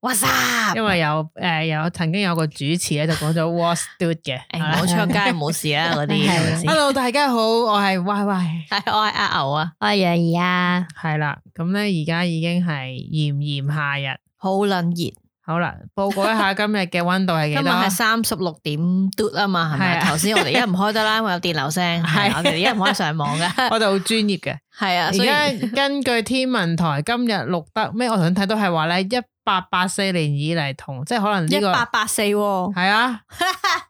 哇，h 因為有誒有曾經有個主持咧就講咗 what's good 嘅，冇出街冇事啦嗰啲。Hello，大家好，我係 Y Y，係我係阿牛啊，我係楊怡啊。係啦，咁咧而家已經係炎炎夏日，好撚熱。好啦，報告一下今日嘅温度係幾多？今日係三十六點度啊嘛，係咪？頭先是、啊、我哋一唔開得啦， 因為有電流聲，係是、啊、一唔可以上網嘅。 我哋好專業嘅，係啊。而家根據天文台今日錄得咩？我頭先睇到係話咧，一八八四年以嚟同即係可能呢、這個一八八四係啊，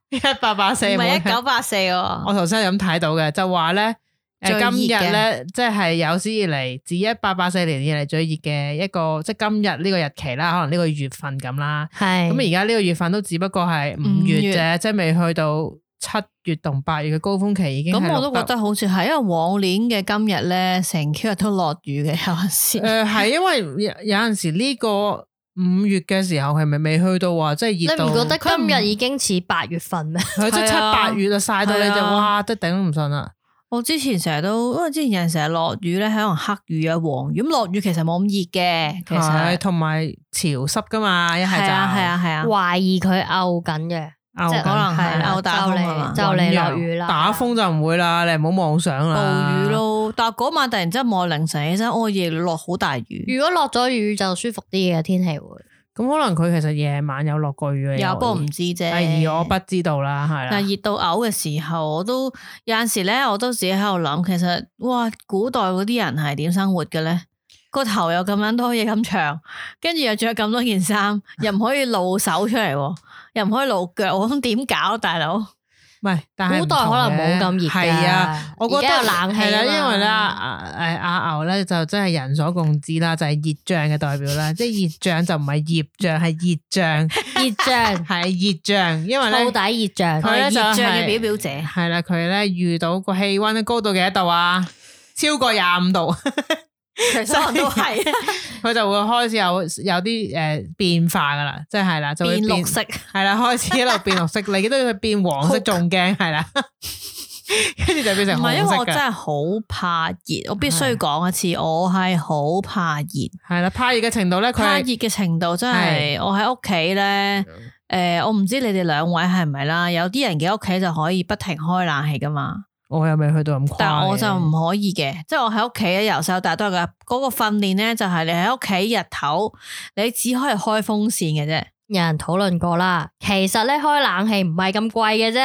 一八八四唔係一九八四。 哦、我頭先咁睇到嘅就話咧。誒，今日咧，即係有史以嚟自一八八四年以嚟最熱嘅一個，即係今日呢個日期啦，可能呢個月份咁啦。係。咁而家呢個月份都只不過係五月啫，月即係未去到七月同八月嘅高峰期已經。已咁我都覺得好似係，因為往年嘅今日咧，成日都落雨嘅有陣時、呃。誒，係因為有有陣時呢個五月嘅時候，係咪未去到話即係熱到？你唔覺得今日已經似不 八月份咩？即係七八月啊，曬到你哋哇，都頂唔順啦～我之前成日都，因為之前有人成日落雨咧，可能黑雨啊、黃雨咁，落雨其實冇咁熱嘅，其實係同埋潮濕噶嘛，一係就係啊係啊懷、啊、疑佢漚緊嘅，即係吐可能係漚、啊、大風啊嚟，落雨啦，打風就唔會啦，你唔好妄想啦，暴雨咯，但係嗰晚突然之間望凌晨起身，以我亦落好大雨。如果落咗雨就舒服啲嘅天氣會。咁可能佢其實夜晚有落過雨嘅，有不過唔知啫，第二，我不知道啦，係啦。嗱，熱到嘔嘅時候，我都有陣時咧，我都自己喺度諗，其實哇，古代嗰啲人係點生活嘅咧？個頭又咁樣都可以咁長，跟住又着咁多件衫，又唔可以露手出嚟， 又唔可以露腳，咁點搞，大佬？唔係，但古代可能冇咁熱嘅，而家有冷氣啦。因為咧，誒，阿牛咧就真係人所共知啦，就係熱脹嘅代表啦。即係熱脹就唔係熱脹，係熱脹，熱脹係熱脹。因為咧，高低熱脹，佢係熱脹嘅表表者。係啦，佢咧遇到個氣溫高到幾多度啊？超過廿五度。 其實都係，佢 就會開始有有啲誒變化噶啦，即係啦，就變綠色係啦，開始一路變綠色， 你都佢變黃色仲驚係啦，跟住 就變成唔係，因為我真係好怕熱，我必須講一次，是我係好怕熱，係啦，怕熱嘅程度咧，怕熱嘅程度真係是、呃，我喺屋企咧，誒，我唔知你哋兩位係唔係啦，有啲人嘅屋企就可以不停開冷氣噶嘛。我又未去到咁誇張，但我就唔可以嘅，即係我喺屋企由細到大都係、嗰個訓練咧就係、是、你喺屋企日頭，你只可以開風扇嘅啫。有人討論過啦，其實咧開冷氣唔係咁貴嘅啫，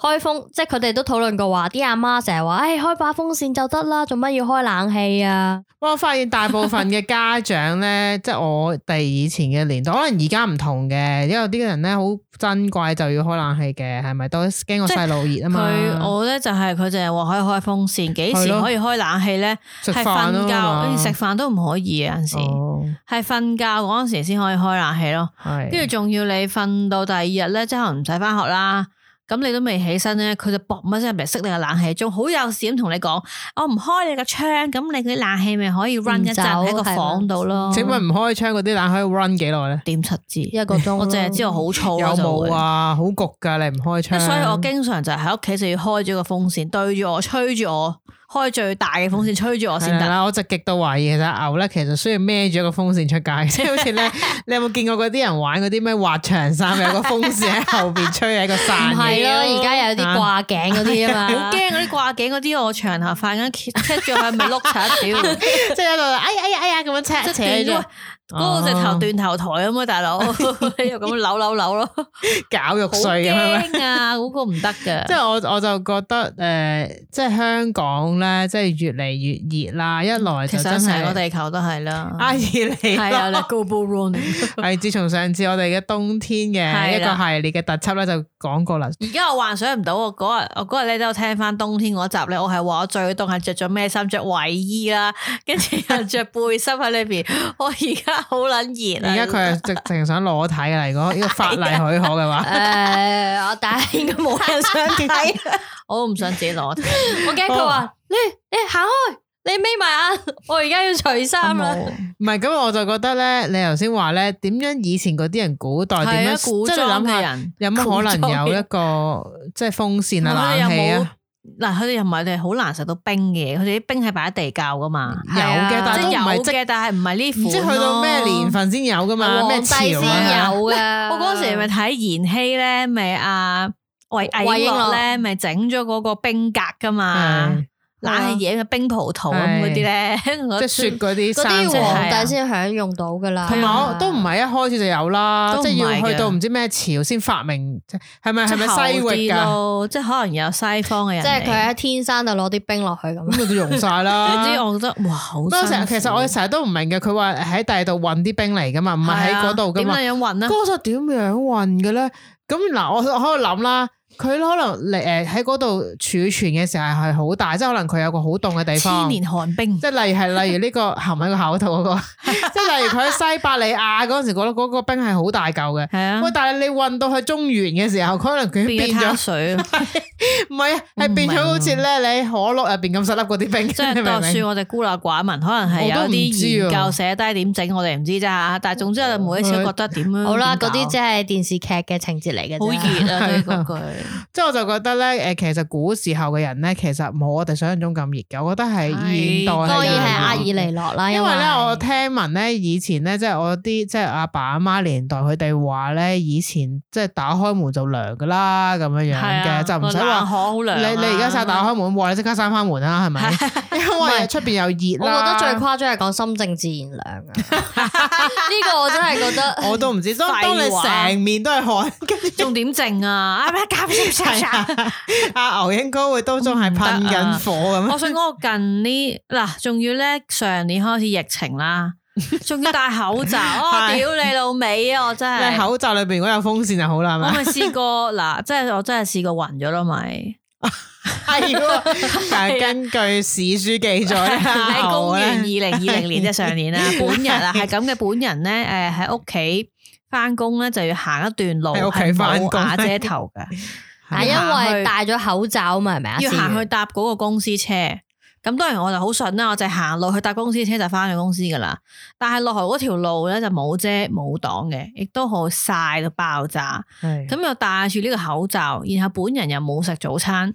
開風即係佢哋都討論過話，啲阿媽成日話，誒開把風扇就得啦，做乜要開冷氣啊？我發現大部分嘅家長咧， 即係我哋以前嘅年代，可能而家唔同嘅，因為啲人咧好珍貴就要開冷氣嘅，係咪？都驚個細路熱啊嘛。佢我咧就係佢淨係話可以開風扇，幾時可以開冷氣咧？係瞓覺，食飯嗎都唔可以啊，陣時係瞓、oh. 覺嗰陣時先可以開冷氣咯。係。跟住仲要你瞓到第二日咧，即係可能唔使翻學啦。咁你都未起身咧，佢就搏乜聲，咪熄你個冷氣，仲好有事咁同你講：我唔開你個窗，咁你啲冷氣咪可以 run 一陣喺走個房度咯。吧請問唔開窗嗰啲冷氣 run 幾耐咧？點七字一個鐘， 我淨係知道好燥。有冇啊？好焗噶，你唔開窗。所以我經常就喺屋企就要開咗個風扇，對住我吹住我。開最大嘅風扇吹住我先得，我就極度懷疑其實牛咧，其實需要孭住一個風扇出街， 即係好似咧，你有冇見過嗰啲人玩嗰啲咩滑翔傘，有個風扇喺後邊吹喺個傘？唔係咯，而家有啲掛頸嗰啲啊嘛，好驚嗰啲掛頸嗰啲我長頭髮咁扯住塊碌鏟，屌， 即係喺度哎呀哎呀哎呀咁樣扯扯住。嗰個直頭斷頭台咁啊，大佬， 又咁扭扭扭咯， 搞肉碎咁啊，嗰 個唔得噶。即係我我就覺得誒、呃，即係香港咧，即係越嚟越熱啦。一來就真係成個地球都係啦，阿二、啊啊、你係啊，Go Blue！係自從上次我哋嘅冬天嘅一個系列嘅特輯咧，就講過啦。而家我幻想唔到，我嗰日我嗰日咧都有聽翻冬天嗰集咧，我係話我最凍係着咗咩衫，着衛衣啦，跟住又着背心喺裏邊。我而家。好捻熱啊！而家佢係直情想裸體嚟，如果呢個法例許可嘅話，誒、 呃，我但係應該冇人想睇， 我唔想自己裸體，我驚佢話你，你行開，你眯埋眼，我而家要除衫啦。唔係、嗯，咁我就覺得咧，你頭先話咧，點樣以前嗰啲人，古代點樣，即係諗下，人裝，有乜可能有一個即係、就是、風扇啊，冷氣氣啊？嗱，佢哋又唔係，佢哋好難食到冰嘅嘢，佢哋啲冰係擺喺地窖噶嘛。啊、有嘅，但係都唔係，即係唔係呢款，唔知去到咩年份先有噶嘛。咩、啊、潮啊？啊，有啊，我嗰時係咪睇延禧咧，咪、啊、阿魏瓔珞咧，咪整咗嗰個冰格噶嘛。嗯冷氣嘢嘅冰葡萄咁嗰啲咧，即係雪嗰啲山，即係皇帝先享用到噶啦。同埋我都唔係一開始就有啦，即係要去到唔知咩朝先發明，係咪係咪西域㗎？即係可能有西方嘅人，即係佢喺天山度攞啲冰落去咁，咁就融曬啦。只係我覺得哇，好！我成日其實我成日都唔明嘅，佢話喺第二度運啲冰嚟噶嘛，唔係喺嗰度噶嘛？點樣運啊？哥索點樣運嘅咧？咁嗱，我我喺度諗啦。佢可能嚟誒喺嗰度儲存嘅時候係好大，即係可能佢有個好凍嘅地方。千年寒冰。即係例如係例如呢個含喺個口度嗰個，即係例如佢喺西伯利亞嗰陣時，嗰個嗰個冰係好大嚿嘅。係啊。喂，但係你運到去中原嘅時候，佢可能佢變咗水。唔係啊，係變咗好似咧你可樂入邊咁細粒嗰啲冰。即係算我哋孤陋寡聞，可能係有啲研究寫低點整，我哋唔知咋，但係總之我每一次覺得點樣？好啦，嗰啲即係電視劇嘅情節嚟嘅。好熱啊！嗰句。即係我就覺得咧，誒，其實古時候嘅人咧，其實冇我哋想象中咁熱嘅。我覺得係現代係阿爾尼諾啦。因為咧，我聽聞咧，以前咧，即係我啲即係阿爸阿媽年代佢哋話咧，以前即係打開門就涼噶啦，咁樣樣嘅，就唔使話好涼。你你而家晒打開門，哇！你即刻閂翻門啦，係咪？因為出邊又熱。 我覺得最誇張係講心靜自然涼啊！呢 個我真係覺得，我都唔知。所當你成面都係汗，跟住仲點靜啊？哎阿、啊啊、牛應該會當中係噴緊火咁、啊。我想講我近、啊、呢嗱，仲要咧上年開始疫情啦，仲要戴口罩。我屌你老味，的我真係。口罩裏邊如果有風扇就好啦、 啊。我咪咪試過嗱，即係、 啊、我真係試過暈咗咯咪係。但係根據史書記載，喺、 啊啊、公元二零二零年即係 上年啦，本人啊係咁嘅，本人咧誒喺屋企。翻工咧就要行一段路係冇瓦遮頭嘅，但係 因為戴咗口罩嘛，係咪啊？是是要行去搭嗰個公司車，咁、啊、當然我就好順啦，我就行路去搭公司車就翻去公司噶啦。但係落河嗰條路咧就冇遮冇擋嘅，亦都好曬到爆炸。咁的又戴住呢個口罩，然後本人又冇食早餐，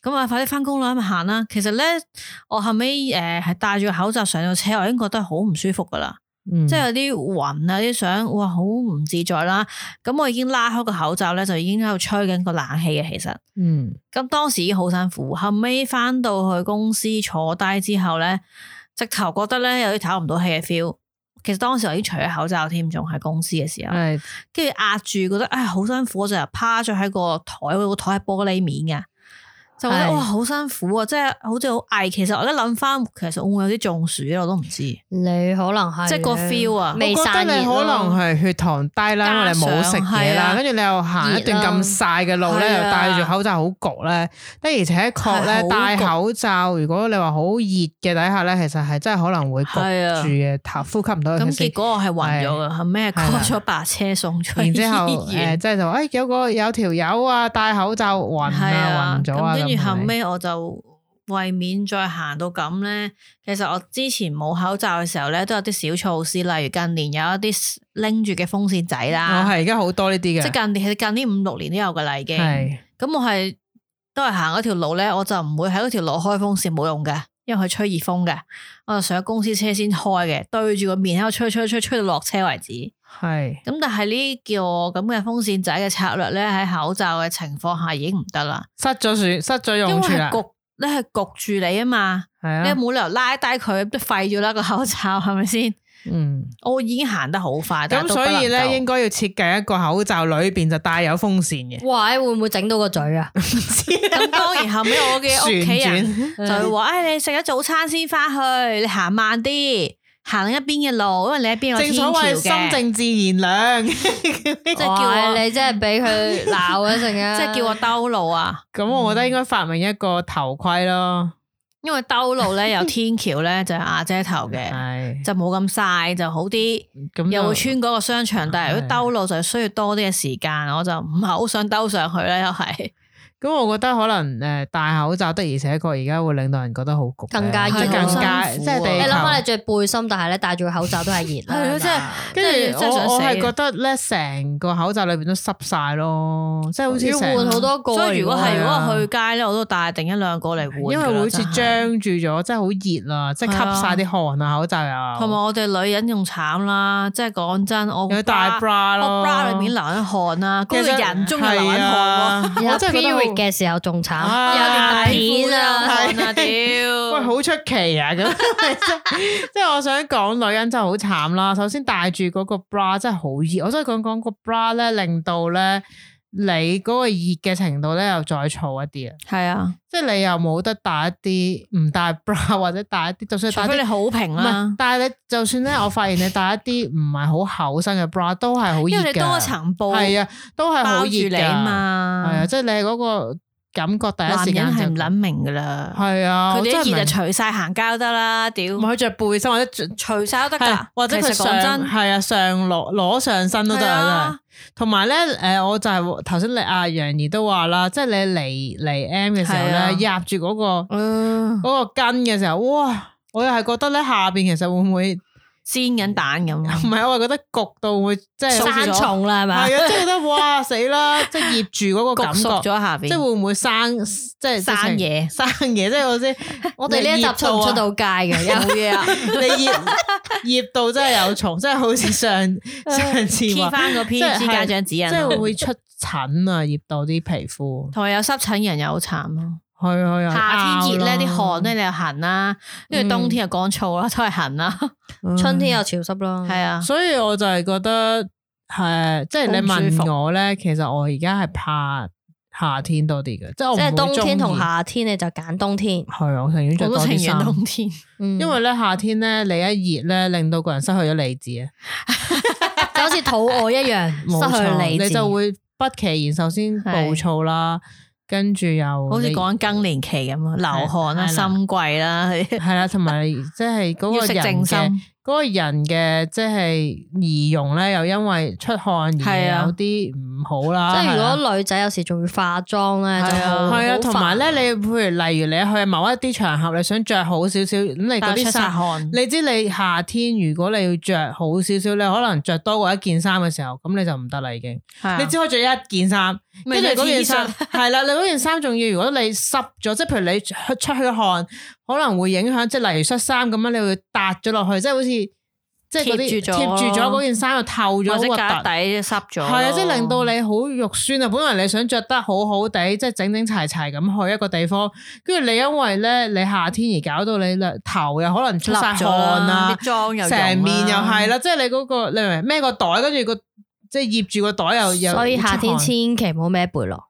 咁啊快啲翻工啦，咁行啦。其實咧我後尾誒係戴住個口罩上咗車，我已經覺得好唔舒服噶啦。即係有啲暈啊，啲相哇，好唔自在啦。咁我已經拉開個口罩咧，就已經喺度吹緊個冷氣嘅。其實，嗯，咁當時已經好辛苦。後尾翻到去公司坐低之後咧，直頭覺得咧有啲唞唔到氣嘅 feel。其實當時我已經除咗口罩添，仲喺公司嘅時候，跟住壓住覺得，唉，好辛苦就趴咗喺個台，個台係玻璃面嘅。就哇好辛苦啊，即係好似好嗌。其實我而家諗翻，其實我會唔會有啲中暑啊，我都唔知。你可能係即係個 feel 啊，未散熱。可能係血糖低啦，因為你冇食嘢啦，跟住你又行一段咁曬嘅路咧，又戴住口罩好焗咧。的而且確咧，戴口罩如果你話好熱嘅底下咧，其實係真係可能會焗住嘅，吸呼吸唔到咁，結果我係暈咗啊！咩過咗白車送出，然之後誒即係就誒有個有條友啊戴口罩暈啊暈咗啊。跟住後尾我就為免再行到咁咧，其實我之前冇口罩嘅時候咧，都有啲小措施，例如近年有一啲拎住嘅風扇仔啦。哦，我係而家好多呢啲嘅。即係近，近年，其實近呢五六年都有個例嘅。係是。咁我係都係行嗰條路咧，我就唔會喺嗰條路開風扇，冇用嘅，因為佢吹熱風嘅。我就上咗公司車先開嘅，對住個面喺度吹吹吹吹，吹到落車為止。係，咁但係呢叫我咁嘅風扇仔嘅策略咧，喺口罩嘅情況下已經唔得啦，塞咗算，失咗用處焗，你係焗住你啊嘛，你冇理由拉低佢都廢咗啦個口罩係咪先？嗯，我已經行得好快。咁所以咧，應該要設計一個口罩裏邊就帶有風扇嘅。喂，會唔會整到個嘴啊？唔知。咁 當然後尾我嘅屋企人就會話：，唉、哎，你食咗早餐先翻去，你行慢啲。行一邊嘅路，因為你喺邊個天橋嘅正所謂心靜自然涼哇， 即係叫你真係俾佢鬧一陣啊！即係 叫我兜路啊！咁我覺得應該發明一個頭盔咯，因為兜路咧有天橋咧就阿、是、姐頭嘅， 就冇咁晒，就好啲。 又會穿嗰個商場，但係如果兜路就需要多啲嘅時間，我就唔係好想兜上去咧，又係。咁我覺得可能誒戴口罩的而且確而家會令到人覺得好焗，更加熱，更加即係你諗下，你着背心，但係咧戴住個口罩都係熱。係啊，即係跟住我係覺得咧，成個口罩裏邊都濕晒咯，即係好似要換好多個。所以如果係如果去街咧，我都帶定一兩個嚟換。因為會好似張住咗，即係好熱啊！即係吸晒啲汗啊，口罩啊。同埋我哋女人仲慘啦，即係講真，我我 bra 咯，bra 裏面流緊汗啊，跟住人中又流緊汗喎，即係。.嘅時候仲慘，有又晒片又晒啊，屌！是是 喂，好出奇啊咁，即係我想講女人真係好慘啦。首先戴住嗰個 bra 真係好熱， 我真係講講個 bra 咧，令到咧。你嗰個熱嘅程度咧，又再燥一啲啊！係啊，即係你又冇得戴一啲唔戴 bra 或者戴一啲，就算一啲，除非你好平啦，但係你就算咧，我發現你戴一啲唔係好厚身嘅 bra 都係好熱嘅，因為多一層布係啊，都係好熱噶嘛，係啊，即係你嗰個。感覺第一時間係唔諗明噶啦，係啊，佢哋一熱就除晒行交得啦，屌，唔係佢着背心或者除晒得噶，或者佢上係啊上裸裸上身都得啊，真係。同埋咧，誒，我就係頭先你阿楊怡都話啦，即係你嚟嚟 M 嘅時候咧，壓住嗰個嗰個筋嘅時候，哇！我又係覺得咧下邊其實會唔會？煎緊蛋咁，唔係我話覺得焗到會即係生蟲啦，係咪？係啊，即係覺得哇死啦！即係醃住嗰個感覺，咗下邊，即係會唔會生即係生嘢？生嘢即係我先，我哋呢一集出唔出到街嘅有嘢啊！你醃醃到真係有蟲，即係好似上上次，翻個篇家長指引，即係會出疹啊！醃到啲皮膚，同埋有濕疹人又好慘咯。係啊，係啊，夏天熱咧，啲汗咧你又痕啦，跟住冬天又乾燥啦，都係痕啦。春天又潮濕咯，係啊。所以我就係覺得，誒，即係你問我咧，其實我而家係怕夏天多啲嘅，即係冬天同夏天你就揀冬天。係啊，我寧願着多件冬天，因為咧夏天咧你一熱咧，令到個人失去咗理智啊，就好似肚餓一樣，失去理智你就會不期然首先暴躁啦。跟住又好似講更年期咁啊，流汗啦，心悸櫃啦、啊，係 啦，同埋即係嗰個人嗰 個人嘅即係儀容咧，又因為出汗而有啲的。嗯唔好啦，即係如果女仔有時仲要化妝咧，的就係啊，同埋咧，你譬如例如你去某一啲場合，你想着好少少咁，你嗰啲濕汗，你知你夏天如果你要着好少少咧，你可能着多過一件衫嘅時候，咁你就唔得啦，已經的，你只可以着一件衫，跟住嗰件衫係啦，你嗰件衫仲要，如果你濕咗，即係譬如你出去汗，可能會影響，即係例如恤衫咁樣，你會搭咗落去，即係好似。即係嗰啲貼住咗嗰件衫又透咗，或者隔底濕咗，係啊，即係令到你好肉酸啊！本來你想着得好好地，即係整整齊齊咁去一個地方，跟住你因為咧你夏天而搞到你頭又可能出晒汗啦，啲妝又融啦，成面又係啦，啊，即係你嗰個你明唔明孭個袋，跟住個即係腋住個袋又又。所以夏天千祈唔好孭背囊。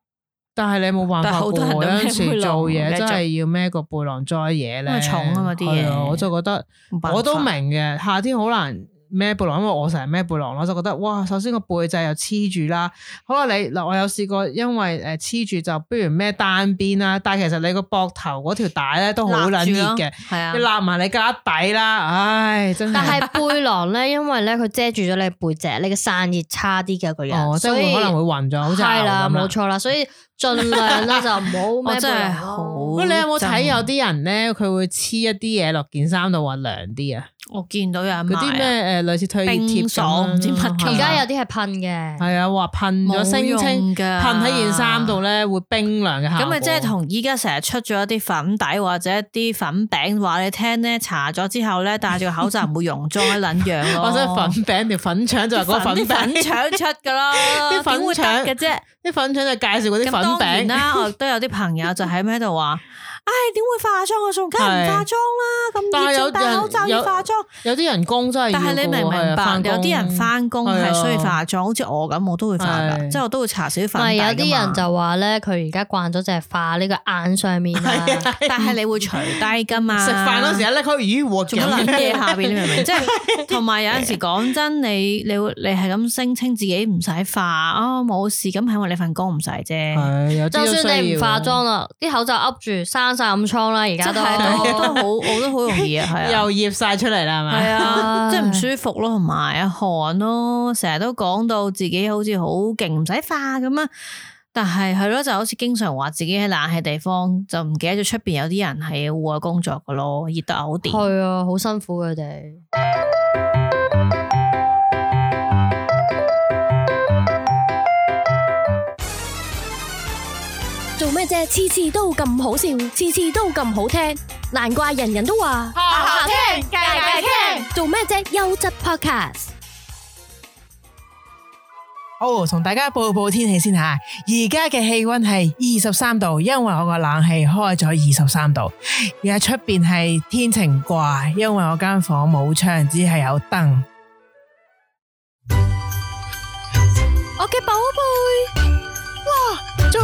但係你冇辦法嗰時做嘢，真係要孭個背囊載嘢咧，重啊嘛啲嘢，我就覺得我都明嘅。夏天好難。孭背囊，因為我成日孭背囊我就覺得哇！首先個背脊又黐住啦。好啦，你嗱，我有試過，因為誒黐住就不如孭單邊啦。但係其實你個膊頭嗰條帶咧都好撚熱嘅，你立埋你架底啦。唉，真係。但係背囊咧，因為咧佢遮住咗你背脊，你嘅散熱差啲嘅個人，即、哦、所以，所以可能會暈咗，好似係啦，冇錯啦。所以儘量咧就唔 的好孭背囊。咁你有冇睇有啲人咧，佢會黐一啲嘢落件衫度話涼啲啊？我見到有啲咩誒類似退熱貼，冰爽唔種知乜。而家有啲係噴嘅，係啊話，噴咗，聲稱噴喺件衫度咧會冰涼嘅效果。咁咪即係同依家成日出咗一啲粉底或者一啲粉餅，話你聽咧搽咗之後咧戴住個口罩唔會溶妝一樣。或者 粉餅條粉腸就係嗰粉 粉腸出㗎咯，啲 粉腸嘅啫？啲粉腸就介紹嗰啲粉餅。當然啦，我都有啲朋友就喺喺度話。 唉，點會化妝啊？仲梗係唔化妝啦！咁依種戴口罩要化妝，有啲人工真係。但係你明唔明白？有啲人翻工係需要化妝，好似我咁，我都會化噶，即係我都會搽少啲粉底。係有啲人就話咧，佢而家慣咗就係化呢個眼上面啦。但係你會除低噶嘛？食飯嗰時咧，咦？仲有嘢下邊？你明唔明？即係同埋有陣時講真，你你會你係咁聲稱自己唔使化啊，冇事咁係因為你份工唔使啫。係，有啲要。就算你唔化妝啦，啲口罩噏住生。暗瘡啦，而家都好，我都好容易啊，係 啊，又醃晒出嚟啦，係咪？係啊，即係唔舒服咯，同埋啊汗咯，成日都講到自己好似好勁，唔使化咁啊，但係係咯，就是好似經常話自己喺冷氣地方，就唔記得咗出邊有啲人係戶外工作噶咯，熱得好掂？係啊，好辛苦佢哋。做咩啫？次次都咁好笑，次次都咁好聽，難怪人人都話下下聽，日日聽。做咩啫？優質 Podcast。好，同大家報報天氣先吓，而家嘅氣溫係二十三度，因為我個冷氣開咗二十三度，而家出邊係天晴挂，因為我間房冇窗，只係有燈。OK，報。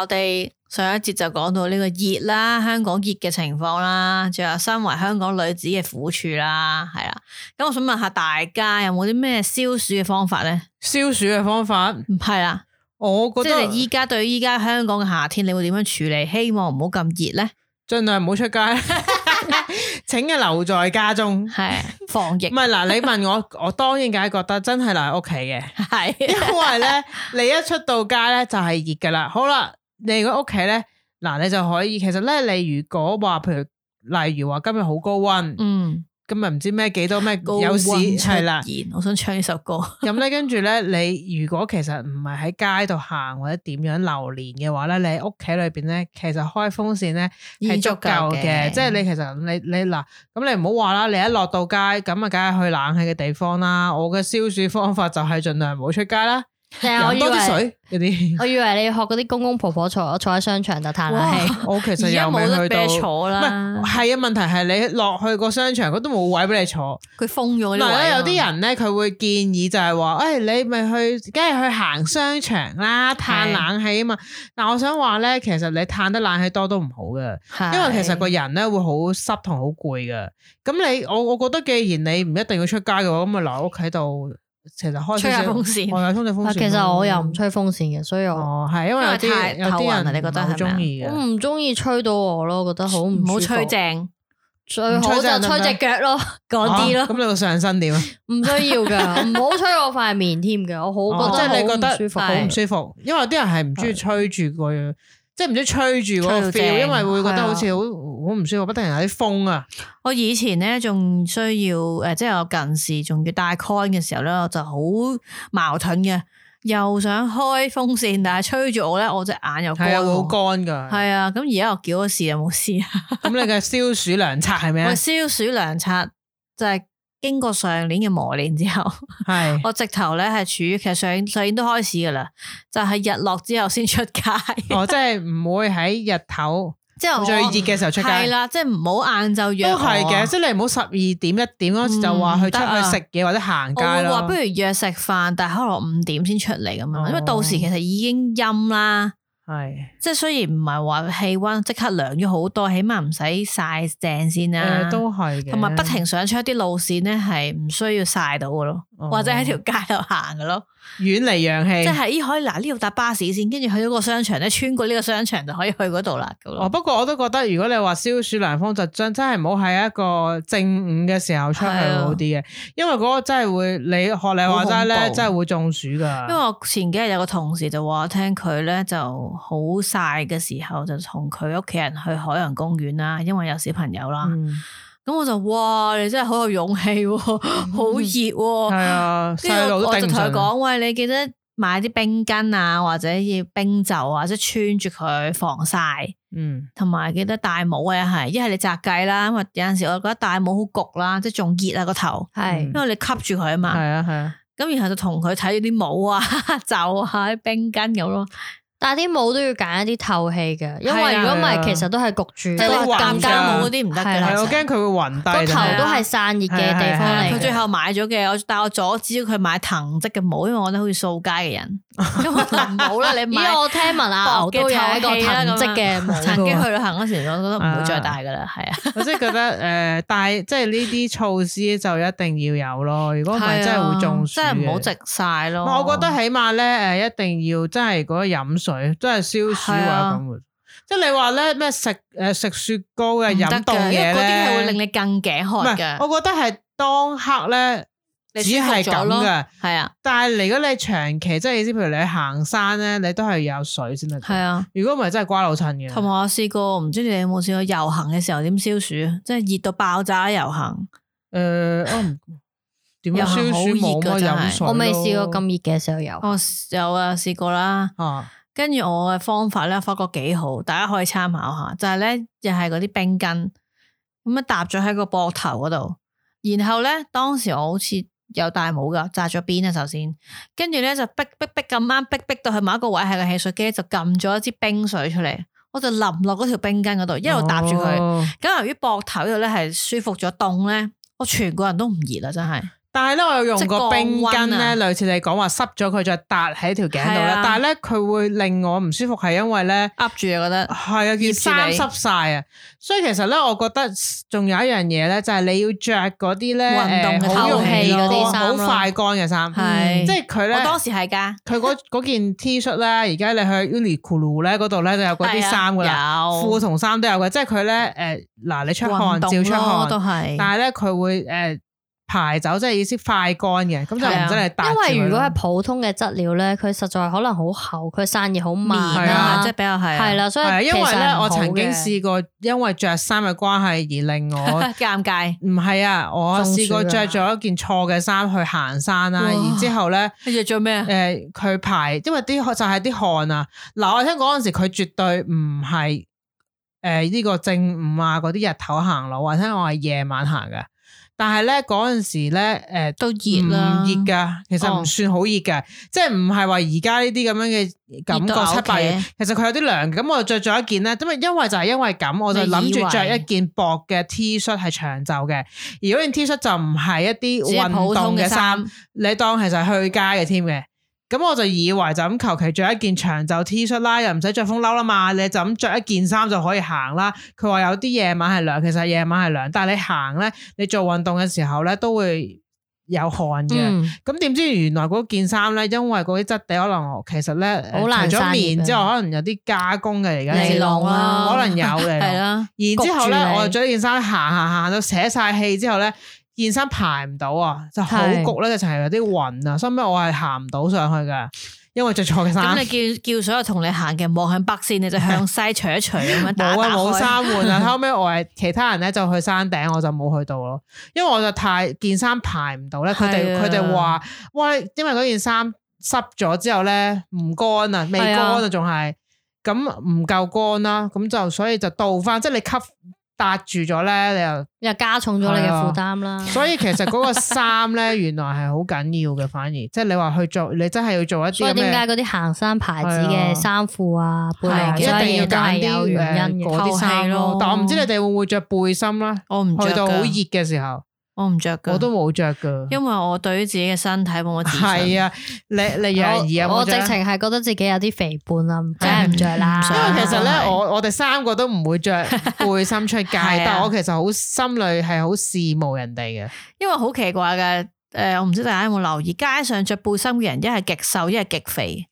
我哋上一節就講到呢個熱啦，香港熱嘅情況啦，仲有身為香港女子嘅苦處啦，係啦。咁我想問下大家，有冇啲咩消暑嘅方法咧？消暑嘅方法，係啦的，我覺得。即係依家對於依家香港嘅夏天，你會點樣處理？希望唔好咁熱咧，盡量唔好出街， 請你留在家中，係防疫。唔係嗱，你問我，我當然梗係覺得真係留喺屋企嘅，係的因為咧， 你一出到街咧就係熱噶啦。好啦。好你如果屋企咧，嗱，你就可以。其實咧，你如果話，譬如例如話，今日好高溫，嗯，今日唔知咩幾多咩有事出現，了我想唱呢首歌，嗯。咁咧，跟住咧，你如果其實唔係喺街度行或者點樣流連嘅話咧，你喺屋企裏邊咧，其實開風扇咧係足夠嘅。夠即係你其實你你嗱，咁你唔好話啦，你一落到街咁啊，梗係去冷氣嘅地方啦。我嘅消暑方法就係盡量唔好出街啦。飲多啲水啲， 我以為你要學嗰啲公公婆婆坐坐喺商場就嘆冷氣。哇我其實又未去到。係啊，問題係你落去個商場，佢都冇位俾你坐。佢封咗你嗰啲位。有啲人咧，佢會建議就係話，誒、哎，你咪去，梗係去行商場啦，嘆冷氣啊嘛。是但我想話咧，其實你嘆得冷氣多都唔好嘅，是因為其實個人咧會好濕同好攰㗎。咁你我我覺得，既然你唔一定要出街嘅話，咁咪留屋企度。其實開少少風扇，我有吹隻風扇。其實我又唔吹風扇嘅，所以我哦，係因為有啲人，有啲人你覺得好中意。我唔中意吹到我咯，覺得好唔好吹正，最好就吹隻腳咯，嗰啲咯。咁你個上身點啊？唔需要噶，唔好吹我塊面添嘅，我好覺得即係你覺得舒服，好唔舒服。因為有啲人係唔中意吹住個。即係唔知吹住個 feel，因為會覺得好似的好好唔舒服，不停有啲風啊！我以前咧仲需要誒，即係我近視仲要戴 con 嘅時候咧，我就好矛盾嘅，又想開風扇，但係吹住我咧，我隻眼又係啊，會好乾㗎。係啊，咁而家我攪咗試，有冇事啊？咁你嘅消暑良策係咩啊？消暑良策就係、是。經過上年嘅磨練之後，係是 我直頭咧係處於其實上上年都開始噶啦，就係、是、日落之後先出街。我真係唔會喺日頭，即係最熱嘅時候出街。係啦，即係唔好晏晝約都係嘅，即係你唔好十二點一點嗰時，就話去出去食嘢或者行街。我會話、嗯啊、不如約食飯，但係可能五點先出嚟咁樣，哦、因為到時其實已經陰啦。係，即係雖然唔係話氣溫即刻涼咗好多，起碼唔使曬正先啦，啊呃。都係嘅，同埋不停想出一啲路線咧，係唔需要曬到嘅咯。或者喺條街度行嘅咯，遠離氧氣。即係咦可以嗱呢度搭巴士先，跟住去到個商場咧，穿過呢個商場就可以去嗰度啦。哦，不過我都覺得如果你話消暑涼風就真真係唔好喺一個正午嘅時候出去好啲嘅，的因為嗰個真係會你學你話齋咧，真係會中暑噶。因為我前幾日有個同事就話我聽佢咧，就好曬嘅時候，就同佢屋企人去海洋公園啦，因為有小朋友啦。嗯咁我就哇，你真係好有勇氣、哦，嗯、好熱、哦。係啊、嗯，我就同佢講，嗯、喂，你記得買啲冰巾啊，或者要冰袖啊，即係穿住佢防曬。嗯，同埋記得戴帽啊，係，一係你紮髻啦，因為有陣時我覺得戴帽好焗啦、啊，即係仲熱啊個頭。係、嗯，因為你吸住佢啊嘛。係啊係啊，咁、啊、然後就同佢睇啲帽啊、就啊、啲冰巾咁咯。但啲帽都要揀一啲透氣嘅，因為如果唔係，其實都係焗住。即係你橫加帽嗰啲唔得啦。我驚佢會暈低。個頭都係散熱嘅地方嚟。佢最後買咗嘅，我但我阻止佢買藤織嘅帽，因為我覺得好似掃街嘅人，咁就唔好啦。你買。咦？我聽聞啊，牛都有一個藤織嘅帽。曾經去旅行嗰時，我覺得唔會再戴噶啦，係啊。我即係覺得誒，帶即係呢啲措施就一定要有咯。如果唔係，真係會中暑。即係唔好直曬咯。我覺得起碼咧誒，一定要真係個飲真係消暑啊！咁嘅，即係你話咧咩食誒食雪糕啊，飲凍嘢咧，嗰啲係會令你更頸渴嘅。我覺得係當刻咧，只係咁嘅。係啊。但係如果你長期，即係，譬如你行山咧，你都係有水先得。係啊，如果唔係真係瓜老襯嘅。同埋我試過，唔知你有冇試過遊行嘅時候點消暑啊？即係熱到爆炸遊行。誒，我唔遊行好熱噶真水。我未試過咁熱嘅時候遊。哦，有啊，試過啦。啊。跟住我嘅方法咧，發覺幾好，大家可以參考下。就係、是、咧，就係嗰啲冰巾，咁樣搭咗喺個膊頭嗰度。然後咧，當時我好似有戴帽噶，紮咗辮啊，首先了了。跟住咧就逼逼逼咁啱，逼逼，逼，逼，逼，逼，逼到去某一個位係個汽水機，就撳咗一支冰水出嚟，我就淋落嗰條冰巾嗰度，一路搭住佢。咁、哦、由於膊頭呢度咧係舒服咗，凍咧，我全個人都唔熱啦，真係。但係咧，我有用過冰巾咧，類似你講話濕咗佢再搭喺條頸度咧。但係咧，佢會令我唔舒服，係因為咧，噏住我覺得係啊，件衫濕晒啊。所以其實咧，我覺得仲有一樣嘢咧，就係你要着嗰啲咧運動嘅透氣啲好快乾嘅衫。係，即係佢咧。當時係噶，佢嗰件 T 恤咧，而家你去 Uniqlo 咧嗰度咧就有嗰啲衫噶啦，褲同衫都有嘅。即係佢咧，誒，嗱，你出汗，照出汗都係。但係咧，佢會誒。排走即係意思快乾嘅，咁、啊、就唔真係。因為如果係普通嘅質料咧，佢實在可能好厚，佢散熱好慢啦、啊，啊、即係比較係、啊。係啦、啊，所以因為咧，我曾經試過因為着衫嘅關係而令我尷尬。唔係啊，我試過着咗一件錯嘅衫去行山啊，然之後咧，跟住做咩？誒、呃，佢排因為啲就係啲汗啊。嗱，我聽講嗰陣時佢絕對唔係誒呢個正午啊，嗰啲日頭行路，或者我係夜晚行嘅。但係咧，嗰陣時咧，誒唔熱噶，其實唔算好熱嘅。哦、即係唔係話而家呢啲咁樣嘅感覺七八月，其實佢有啲涼。咁我就着咗一件咧，咁啊，因為就係因為咁，我就諗住着一件薄嘅 T 恤係長袖嘅，而嗰件 T 恤就唔係一啲運動嘅衫，你當其實去街嘅添嘅。咁我就以為就咁求其着一件長袖 T 恤啦，又唔使着風褸啦嘛，你就咁着一件衫就可以行啦。佢話有啲夜晚係涼，其實夜晚係涼，但係你行咧，你做運動嘅時候咧都會有汗嘅。咁點、嗯、知原來嗰件衫咧，因為嗰啲質地可能其實咧除咗棉之後，可能有啲加工嘅尼龍啊，可能有嘅。係啦 的，然後之後咧，着我就著件衫行行行到扯晒氣之後咧。件衫排唔到啊，就好焗咧，就成日有啲暈啊，所以咪我係行唔到上去嘅，因為着錯嘅衫。咁你叫叫水啊，同你行嘅望向北線，你就向西除一除咁樣。冇啊冇衫換啊，換 後尾我係其他人咧就去山頂，我就冇去到咯，因為我就太件衫排唔到咧，佢哋佢哋話，喂是、啊，因為嗰件衫濕咗之後咧唔乾啊乾，未乾啊，仲係，咁唔夠乾啦，咁就所以就倒翻，即係你吸。搭住咗咧，你又又加重咗你嘅負擔啦。 所以其實嗰個衫咧，原來係好緊要嘅，反而即係你話去做，你真係要做一啲咩？點解嗰啲行山牌子嘅衫褲啊，啊背啊一定要揀啲有原因，嗰啲衫咯。但我唔知你哋會唔會着背心啦？我唔着嘅。去到好熱嘅時候。我唔着噶，我都冇着噶，因為我對於自己嘅身體冇乜自信。係啊，你你又我，我，我直情係覺得自己有啲肥胖啊，真係唔着啦。是不因為其實咧、就是，我我哋三個都唔會着背心出街， 但我其實好心裏係好羨慕人哋嘅，因為好奇怪嘅，誒、呃，我唔知大家有冇留意，街上着背心嘅人，一係極瘦，一係極肥。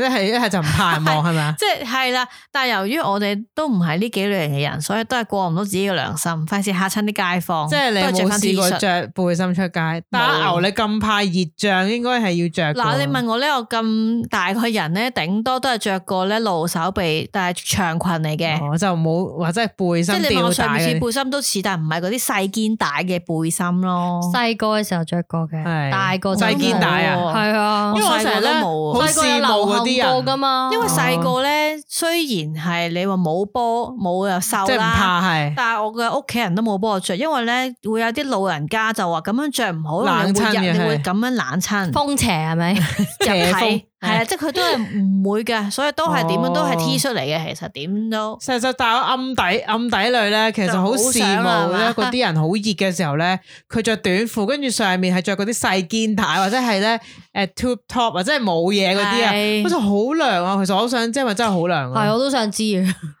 一係一係就唔怕望，係咪啊？即係啦，但係由於我哋都唔係呢幾類型嘅人，所以都係過唔到自己嘅良心，費事嚇親啲街坊。即係你冇試過着背心出街？打牛你咁怕熱脹，應該係要着。嗱，你問我呢個咁大個人咧，頂多都係着過咧露手臂但係長裙嚟嘅。哦，就冇或者背心。即係你望上面背心都似，但係唔係嗰啲細肩帶嘅背心咯。細個嘅時候着過嘅，大個細肩帶啊，係啊，因為我成日都冇。細個噶嘛？因為細個咧，雖然係你話冇波冇又瘦啦，但係我嘅屋企人都冇幫我着，因為咧會有啲老人家就話咁樣着唔好，冷親嘢，係，人會咁樣冷親，風邪係咪？就係。 看 係啊，即係佢都係唔會嘅，所以都係點都係 T 恤嚟嘅。其實點都，其實但係我暗底暗底裏，咧，其實好羨慕咧。嗰啲人好熱嘅時候咧，佢着短褲，跟住上面係着嗰啲細肩帶或者係咧誒 tube top 或者係冇嘢嗰啲啊。其實好涼啊，其實我想即係咪真係好涼啊？係，我都想知，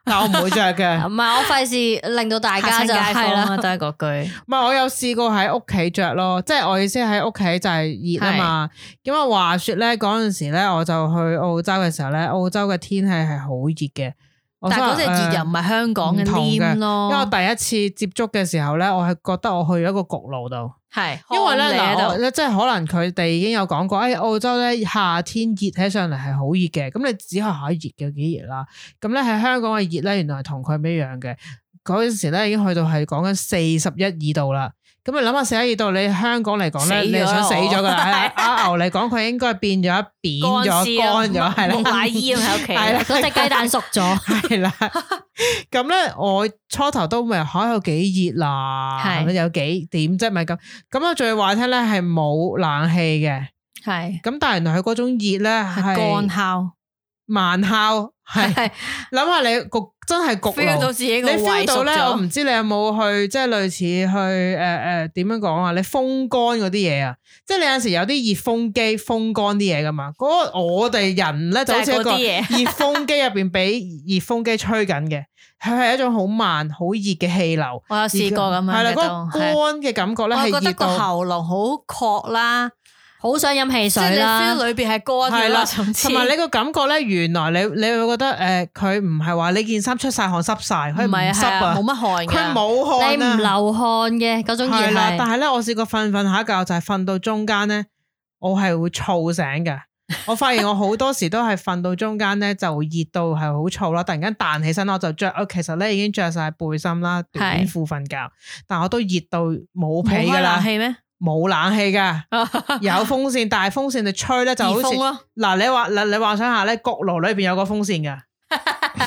但係我唔會着嘅。唔係我費事令到大家就係啦，都係嗰句。唔係我有試過喺屋企着咯，即係我意思喺屋企就係熱啊嘛。咁啊話說咧，嗰陣時咧。我就去澳洲嘅時候咧，澳洲嘅天氣係好熱嘅，但係嗰隻熱又唔係香港嘅黏咯。呃、因為我第一次接觸嘅時候咧，我係覺得我去咗一個焗爐度，係是，因為咧嗱，度，即係可能佢哋已經有講過，誒，澳洲咧夏天熱起上嚟，係好熱嘅，咁你只係睇熱嘅幾熱啦。咁咧喺香港嘅熱咧，原來係同佢唔一樣嘅。嗰陣時咧已經去到係講緊四十一二度啦。咁啊，諗下四十一度，你香港嚟講咧，你係想死咗噶啦！阿牛嚟講，佢應該變咗一扁咗、乾咗，係啦，冇大喺屋企，係啦，嗰隻雞蛋熟咗，係啦。咁咧，我初頭都咪，海口幾熱啦，有幾點啫，咪咁。咁啊，最要話聽咧，係冇冷氣嘅，係。咁但係原來佢嗰種熱咧係乾烤、慢烤，係諗下你個。真係焗啊！到自己你 feel 到咧，我唔知你有冇去，即係類似去誒誒，點樣講啊？你風乾嗰啲嘢啊，即係你有陣時有啲熱風機風乾啲嘢，噶嘛？嗰個我哋人咧就好似一個熱風機入邊俾熱風機吹緊嘅，佢係 一種好慢好熱嘅氣流。我有試過咁樣，係啦，嗰個乾嘅感覺咧係熱到喉嚨好渴啦。好想飲汽水啦！即係你 feel 裏邊係高咗層次，同埋你個感覺咧了前，原來你你會覺得誒，佢唔係話你件衫出晒汗濕晒，佢唔係啊，冇乜汗。佢冇汗你唔流汗嘅嗰種熱。係啦，但係咧，我試過瞓瞓下一覺，就係、是、瞓到中間咧，我係會燥醒嘅。我發現我好多時都係瞓到中間咧，就熱到係好燥啦， 突然間彈起身，我就着，我其實咧已經着晒背心啦短褲瞓覺，的對但我都熱到冇被㗎啦。的冇冷氣噶， 有風扇，但係風扇就吹咧就好似嗱、啊，你話嗱，你幻想下咧，焗爐裏邊有個風扇噶，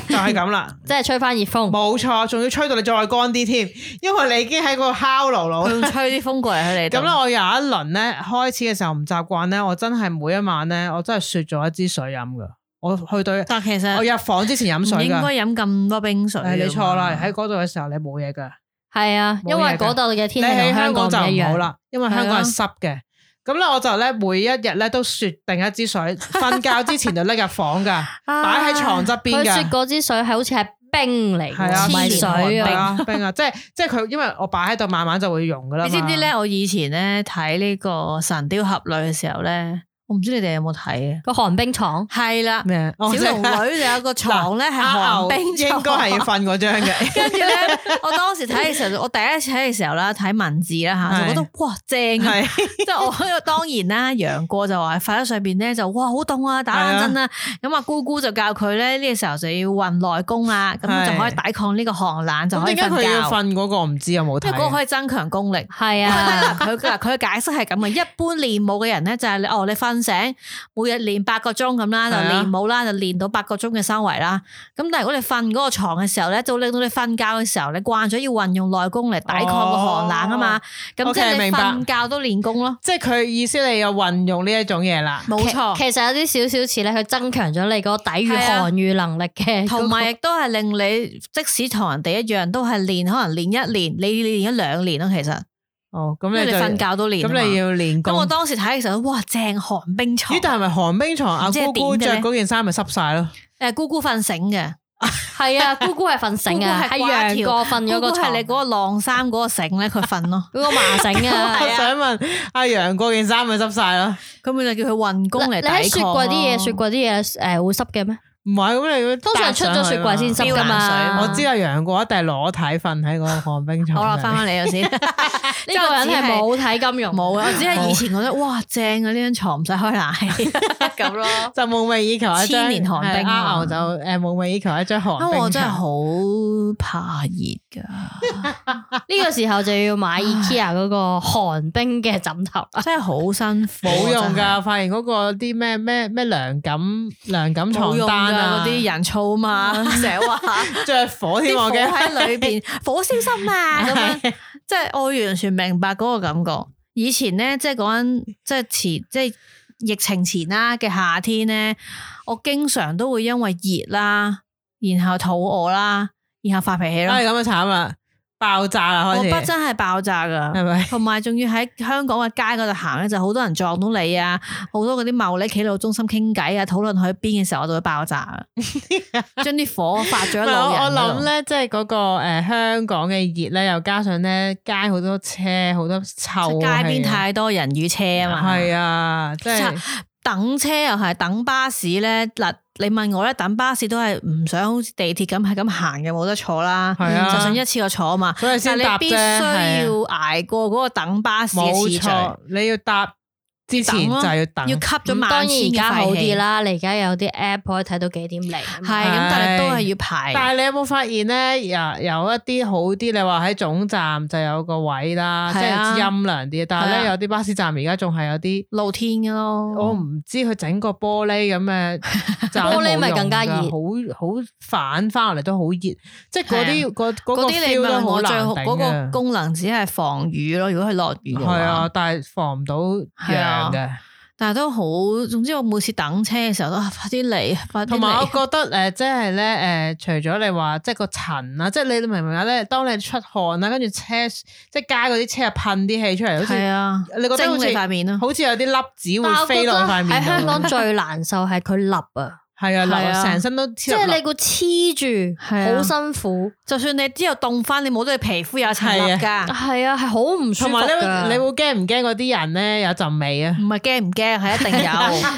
就係咁啦， 即係吹翻熱風。冇錯，仲要吹到你再乾啲添，因為你已經喺個烤爐度，佢 吹啲風過嚟喺你。咁啦，我有一輪咧，開始嘅時候唔習慣咧，我真係每一晚咧，我真係雪咗一支水飲噶，我去到，但其實我入房之前飲水噶，應該飲咁多冰水，哎。你錯啦，喺嗰度嘅時候你冇嘢噶。 係啊，因為嗰度嘅天氣香，香港唔一樣啦。因為香港係濕嘅，咁咧、啊、我就咧每一日咧都雪定一支水，瞓 覺之前就拎入房噶，擺喺、 啊、床側邊嘅。雪嗰支水係好似係冰嚟，黐、啊水，啊、水啊！冰啊，即係即係佢，因為我擺喺度，慢慢就會溶噶啦。 你知唔知咧？我以前咧睇呢個《神鵰俠侶》嘅時候咧。我唔知你哋有冇睇啊？個寒冰床係啦，咩？小龍女就有個床咧，係寒冰床，應該係要瞓嗰張嘅。跟住咧，我當時睇嘅時候，我第一次睇嘅時候啦，睇文字啦吓，就覺得哇正啊，即係我當然啦，楊過就話瞓喺上邊咧，就哇好凍啊，打冷震啦。咁阿姑姑就教佢咧，呢個時候就要運內功啦，咁就可以抵抗呢個寒冷，就可以瞓覺。佢要瞓嗰個？唔知有冇睇？因為嗰個可以增強功力，係啊。佢嗱佢解釋係咁嘅，一般練武嘅人咧就係你哦，你瞓。醒，每日練八個鐘咁啦，就練武啦，就練到八個鐘嘅身圍啦。咁但係如果你瞓嗰個床嘅時候咧，就令到你瞓覺嘅時候，你慣咗要運用內功嚟抵抗個寒冷啊嘛。咁、哦、即係你瞓覺都練功咯。即係佢意思運，你有運用呢一種嘢啦。冇錯，其實有啲少少似咧，佢增強咗你個抵禦寒雨能力嘅，同埋亦都係令你即使同人哋一樣，都係練，可能練一年，你練一兩年咯，其實。哦，咁你瞓覺都練，咁你要練功。咁我當時睇嘅時候，哇，正寒冰床。咦？但係咪寒冰床阿姑姑着嗰件衫咪濕晒咯？誒，姑姑瞓繩嘅，係啊，姑姑係瞓繩啊，係楊過瞓咗個床，係你嗰個晾衫嗰個繩咧，佢瞓咯，嗰個麻繩啊。我想問阿楊過件衫咪濕晒咯？咁佢就叫佢運功嚟抵抗。雪櫃啲嘢，雪櫃啲嘢誒會濕嘅咩？唔係，咁你通常出咗雪櫃先濕啊嘛？我知阿楊過一定係裸體瞓喺嗰個寒冰床。好啦翻翻嚟，嗰時，呢個人係冇睇金融，冇啊，只係以前覺得哇正啊！呢張床唔使開冷氣，咁咯，就夢寐以求一張千年寒冰啊！就誒，夢寐以求一張寒冰。因為我真係好怕熱噶，呢個時候就要買 IKEA 嗰個寒冰嘅枕頭啊，真係好辛苦，冇用噶，發現嗰個啲咩咩咩涼感涼感床單。嗰啲人燥嘛，成日話着火添，我記得火喺裏邊， 火燒心啊！咁 樣， 即係我完全明白嗰個感覺。以前咧，即係講緊、那個、即係前即係疫情前啦嘅夏天咧，我經常都會因為熱啦，然後肚餓啦，然後發脾氣咯。係咁啊，慘啊！爆炸啦！開始，我真係爆炸噶，係咪？同埋仲要喺香港嘅街嗰度行咧，就好多人撞到你啊！好多嗰啲茂利企路中心傾偈啊，討論去邊嘅時候，我就會爆炸，將啲 火發咗一路人度。我諗咧，即係嗰個誒、呃、香港嘅熱咧，又加上咧街好多車，好多臭，街邊太多人與車啊嘛。係啊，即、就、係、是。 等車又係等巴士咧，嗱，你問我咧，等巴士都係唔想好似地鐵咁係咁行嘅，冇得坐啦，啊嗯、就算一次過坐啊嘛，所以但係你必須要挨過嗰個等巴士嘅次序，你要搭。之前就係要等，要吸咗當然而家好啲啦。你而家有啲 app 可以睇到幾點嚟，係咁，但係都係要排。但係你有冇發現咧？有有一啲好啲，你話喺總站就有個位啦，即係陰涼啲。但係咧，有啲巴士站而家仲係有啲露天嘅咯。我唔知佢整個玻璃咁嘅，玻璃咪更加熱，好好反翻落嚟都好熱。即係嗰啲嗰嗰你問我最好嗰個功能只係防雨咯。如果係落雨，係啊，但係防唔到。係啊。嘅、哦，但係都好，總之我每次等車嘅時候都，快啲嚟，快啲。同埋我覺得誒、呃呃，即係咧，誒，除咗你話即係個塵啦，即係你明唔明啊？咧，當你出汗啦，跟住車即係加嗰啲車噴啲氣出嚟，好似啊，你覺得好似塊面咯，啊、好似有啲粒子會飛落塊面。喺香港最難受係佢笠啊。 係啊，成身都即係你個黐住，好辛苦。就算你之後凍翻，你冇得你皮膚有層膜噶。係啊，係好唔舒服噶。同埋你會你會驚唔驚嗰啲人咧有陣味啊？唔係驚唔驚？係一定有。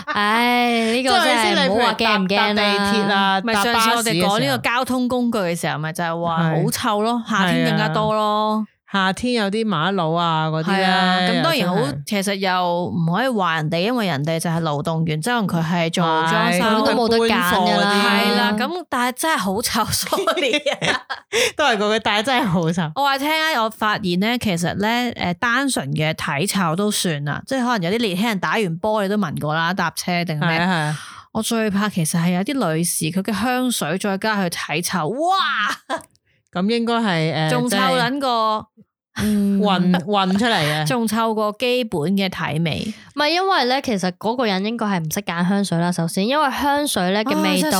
唉，呢個真係你唔好話驚唔驚啊，地鐵啊，咪上次我哋講呢個交通工具嘅時候，咪就係話好臭咯，夏天更加多咯。夏天有啲麻佬啊，嗰啲啊，咁當然好。的其實又唔可以話人哋，因為人哋就係勞動員，即係佢係做裝修，啊、都冇得揀噶啦、啊。係咁，但係真係好臭，Sorry、s o r r 都係嗰句，但係真係好臭。 臭 我話聽咧，我發現咧，其實咧，誒，單純嘅體臭都算啦，即係可能有啲年輕人打完波，你都聞過啦，搭車定咩？我最怕其實係有啲女士，佢嘅香水再加去體臭，哇！咁應該係誒。呃混混出嚟嘅，仲臭過基本嘅體味。唔係因為咧，其實嗰個人應該係唔識揀香水啦。首先，因為香水咧嘅味道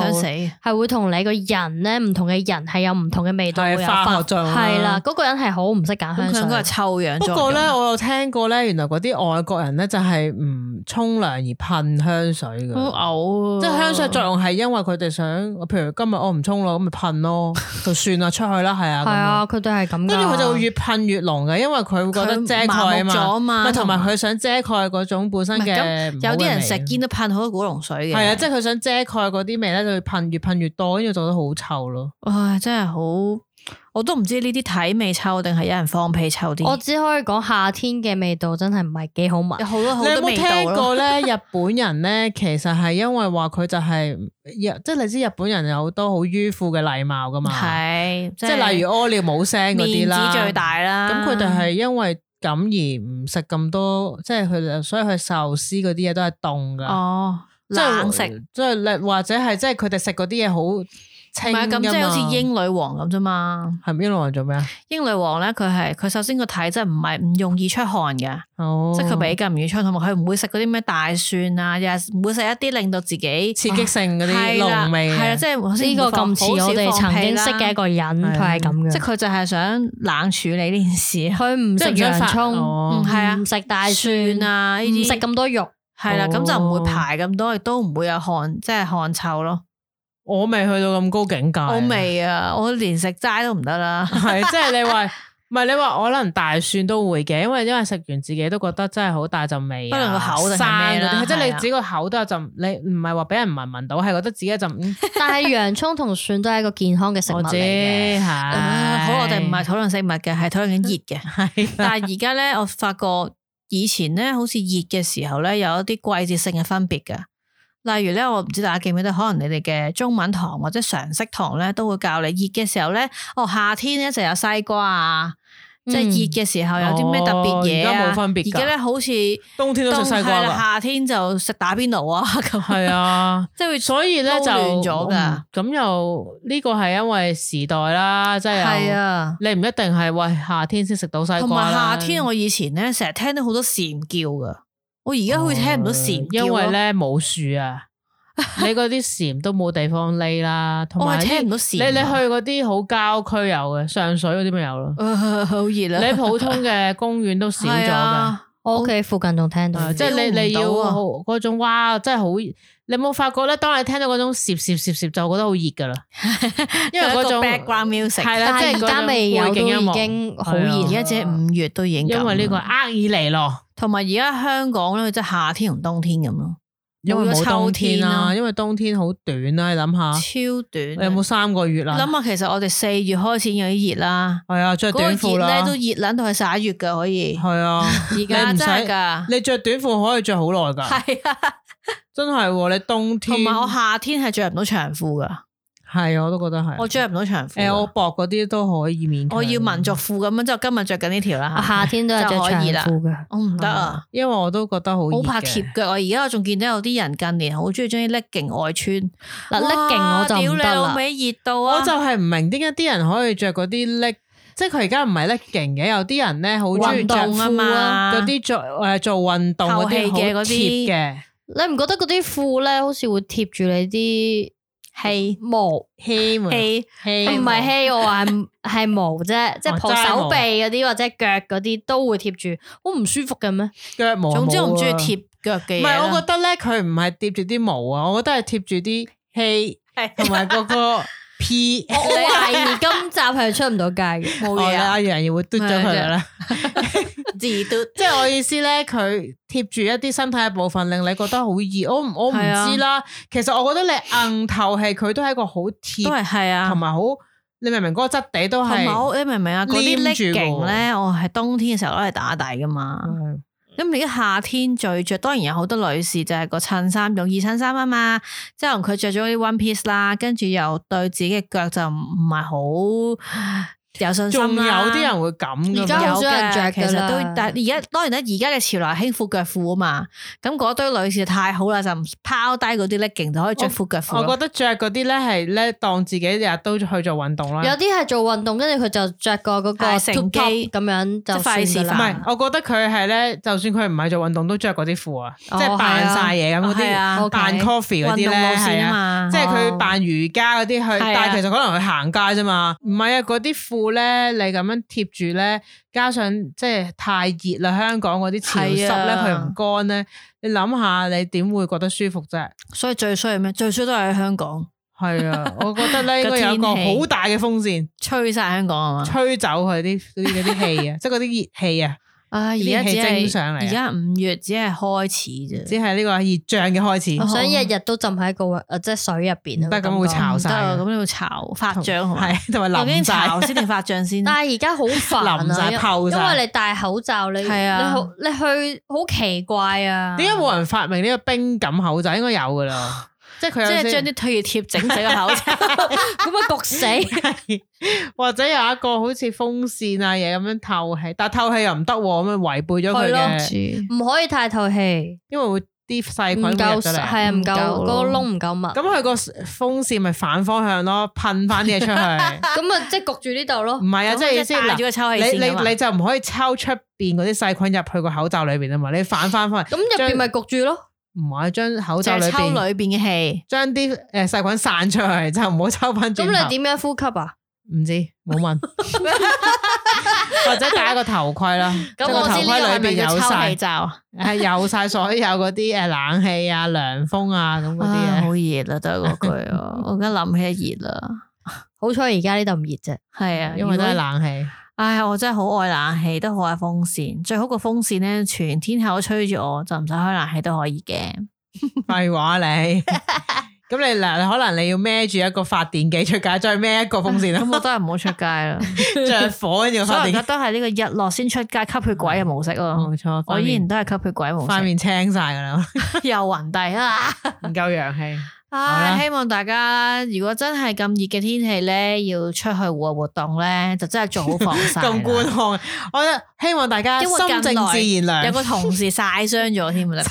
係會同你個人咧唔同嘅人係有唔同嘅味道，化學作用係啦。嗰個人係好唔識揀香水，佢應該係臭樣。不過咧，我又聽過咧，原來嗰啲外國人咧就係唔沖涼而噴香水嘅，好嘔，即係香水作用係因為佢哋想，譬如今日我唔沖咯，咁咪噴咯，就算啦，出去啦，係啊，係啊，佢都係咁。跟住佢就越噴越。濃嘅，因為佢會覺得遮蓋啊嘛，同埋佢想遮蓋嗰種本身嘅。有啲人食煙，都噴好多古龍水嘅，係啊，即係佢想遮蓋嗰啲味咧，就會噴，越噴越多，跟住做得好臭咯。哇，真係好～我都唔知呢啲體味臭定係有人放屁臭啲。我只可以講夏天嘅味道真係唔係幾好聞，好多好多味道咯。你有冇聽過咧？ 日本人咧，其實係因為話佢就係、是、日，即係你知日本人有好多好迂腐嘅禮貌㗎嘛。係，即、就、係、是、例如屙尿冇聲嗰啲啦。面子最大啦。咁佢哋係因為噉而唔食咁多，即係佢所以佢壽司嗰啲嘢都係凍㗎。哦，即係冷食，即係或者係即係佢哋食嗰啲嘢好。唔係咁，即係好似英女王咁啫嘛。係英女王做咩啊？英女王咧，佢係佢首先個體質唔係唔容易出汗嘅。即係佢比較唔易出汗，佢唔會食嗰啲咩大蒜啊，又唔會食一啲令到自己刺激性嗰啲濃味。係啦，即係呢個咁似我哋曾經識嘅一個人，佢係咁嘅。即係佢就係想冷處理呢件事，佢唔食洋蔥，係啊，唔食大蒜啊，呢啲食咁多肉，係啦，咁就唔會排咁多，亦都唔會有汗，即係汗臭咯。我未去到咁高境界，啊，我未啊，我連食齋都唔得啦。係即係你話，唔係 你話，我可能大蒜都會嘅，因為因為食完自己都覺得真係好大陣味，啊，可能個口就生咩啦，即係你自己個口都有陣，你唔係話俾人聞聞到，係覺得自己一陣。但係洋葱同蒜都係一個健康嘅食物嚟嘅，呃，好，我哋唔係討論食物嘅，係討論緊熱嘅。係，但係而家咧，我發覺以前咧，好似熱嘅時候咧，有一啲季節性嘅分別噶。例如咧，我唔知大家記唔記得，可能你哋嘅中文堂或者常識堂咧，都會教你熱嘅時候咧，哦，夏天咧就有西瓜啊，嗯、即係熱嘅時候有啲咩特別嘢啊。而家冇分別，而家咧好似冬天都食西瓜啦、啊，夏天就食打邊爐啊。咁 係啊，即係所以咧就亂咗噶。咁、嗯、又呢、這個係因為時代啦，真係係啊。你唔一定係喂夏天先食到西瓜啦。同埋夏天我以前咧成日聽到好多蟬叫噶。我而家好似聽唔到蟬，因為咧冇樹啊，你嗰啲蟬都冇地方匿啦。同埋聽唔到蟬。你你去嗰啲好郊區有嘅，上水嗰啲咪有咯。好熱啊！你普通嘅公園都少咗嘅。我屋企附近仲聽到，即係你你要嗰種哇，真係好熱。你冇發覺咧？當你聽到嗰種唦唦唦唦，就覺得好熱噶啦。因為嗰種 background music 係啦，即係啲微有都已經好熱。而家即係五月都已經因為呢個厄爾尼諾。同埋而家香港咧，佢即係夏天同冬天咁咯，冇秋天啊，因為冬天好短啊。你諗下超短，啊，你有冇三個月啦？諗下其實我哋四月開始有啲熱啦，係啊，着短褲咧都熱，冷到係十一月噶可以，係啊，而家真係噶你着 短褲可以着好耐噶，係 啊，真係你冬天同埋我夏天係着唔到長褲噶。係啊，我都覺得係。我着唔到長褲。誒、哎，我薄嗰啲都可以免。我要民族褲咁樣，即係今日着緊呢條啦。夏天都係着長褲嘅。我唔得，啊，因為我都覺得好好怕貼腳啊！而家我仲見到有啲人近年好中意中意甩勁外穿。嗱，甩勁我就屌你老味，熱到啊！我就係唔明點解啲人可以着嗰啲甩，即係佢而家唔係甩勁嘅，有啲人咧好中意着褲啊，嗰啲做誒、呃、做運動嗰啲嘅嗰啲。你唔覺得嗰啲褲咧，好似會貼住你啲？係毛氣氣氣唔係氣，我話係 毛啫。 即係抱手臂嗰啲或者腳嗰啲都會貼住，好唔舒服嘅咩？腳毛。總之我唔中意貼腳嘅嘢。唔係，我覺得咧佢唔係貼住啲毛啊，我覺得係貼住啲氣同埋嗰個。 我懷疑今集係出唔到街嘅，冇嘢阿楊要會嘟咗佢啦，字嘟，即係我意思咧，佢貼住一啲身體嘅部分，令你覺得好熱。我我唔知啦，啊、其實我覺得你硬頭係佢都係一個好貼，係啊，同埋好，你明唔明嗰個質地都係，好，你明唔明啊？嗰啲 legging 咧，我係冬天嘅時候都係打底噶嘛。咁而家夏天最著，當然有好多女士就係個襯衫用二襯衫啊嘛，之後可能佢著咗啲 one piece 啦，跟住又對自己嘅腳就唔唔係好。有仲有啲人會咁。而家有啲人着，其實都但而家當然咧，而家嘅潮流興闊腳褲啊嘛。咁嗰堆女士太好啦，就唔拋低嗰啲 legging 就可以着闊腳褲。我覺得着嗰啲咧係咧當自己日日都去做運動啦。有啲係做運動，跟住佢就着個嗰個成機咁樣，就費事喇。唔係，我覺得佢係咧，就算佢唔係做運動，都着嗰啲褲啊，即係扮晒嘢咁嗰啲扮 coffee 嗰啲咧，係啊，即係佢扮瑜伽嗰啲去，但係其實可能去行街啫嘛。唔係啊，嗰啲褲。咧，你咁樣貼住咧，加上即係太熱啦，香港嗰啲潮濕咧，佢唔乾咧，你諗下你點會覺得舒服啫？所以最衰係咩？最衰都係喺香港。係啊，我覺得咧應該有個好大嘅風扇 吹晒香港啊嘛，吹走佢啲嗰啲氣啊，即係嗰啲熱氣啊。啊！而家只係而家五月只係開始啫，只係呢個熱漲嘅開始。我想日日都浸喺個誒即係水入邊。唔係咁會炒晒，得咁你會炒發漲，係同埋已經炒先至發漲先。但係而家好煩啊，因為你戴口罩你，你去好奇怪啊。點解冇人發明呢個冰感口罩？應該有噶啦。即係將啲退熱貼整死個口罩，咁咪焗死？或者有一個好似風扇啊嘢咁樣透氣，但係透氣又唔得，咁咪違背咗佢嘅。唔可以太透氣，因為會啲細菌入嚟。係啊，唔夠個窿唔夠密。咁佢個風扇咪反方向咯，噴翻啲嘢出去。咁啊，即係焗住呢度咯。唔係啊，即係先個抽氣，你你你就唔可以抽出邊嗰啲細菌入去個口罩裏邊啊嘛。你反翻翻嚟，咁入邊咪焗住咯。唔係將口罩裏邊，就抽裏邊嘅氣，將啲誒細菌散出去，就唔好抽翻。咁你點樣呼吸啊？唔知，冇問。 或者戴一個頭盔啦。咁 那 頭盔裏邊有晒，抽氣罩，係有晒所有嗰啲誒冷氣啊、涼風啊咁嗰啲好熱啊，都係嗰句啊！我而家諗起熱啦。 好彩而家呢度唔熱啫。係啊，因為都係冷氣。唉，我真係好愛冷氣，都好愛風扇，最好個風扇咧，全天候吹住我就唔使開冷氣都可以嘅。廢話你，咁 你嗱，可能你要孭住一個發電機出街，再孭一個風扇啦。咁 我真係唔好出街啦，着火跟住發電機。都係呢個日落先出街，吸血鬼嘅模式咯。冇錯、嗯，嗯、我依然都係吸血鬼模式。塊面青晒噶啦， 又暈低帝啊！唔夠陽氣。啊！希望大家如果真係咁熱嘅天氣咧，要出去戶外活動咧，就真係做好防曬。咁觀看，我覺得希望大家心靜自然涼。有個同事晒傷咗添啊！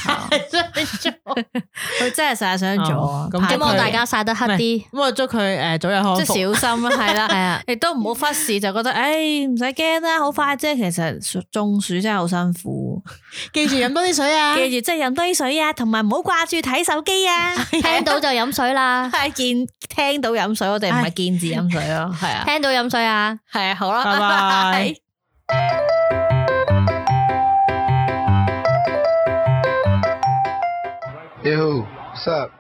佢 真係晒傷咗。哦、希望大家晒得黑啲。咁我祝佢誒早日康。即小心啦，係啦，係啊！ 亦都唔好忽視，就覺得誒唔使驚啦，好、哎、快啫。其實中暑真係好辛苦， 記住飲多啲水啊！ 記住真係飲多啲水啊，同埋唔好掛住睇手機啊！聽 到就～飲水啦，係見聽到飲水，我哋唔係見字飲水咯，係啊，聽到飲水啊，係啊，好啦，拜拜。Hey ho, what's up?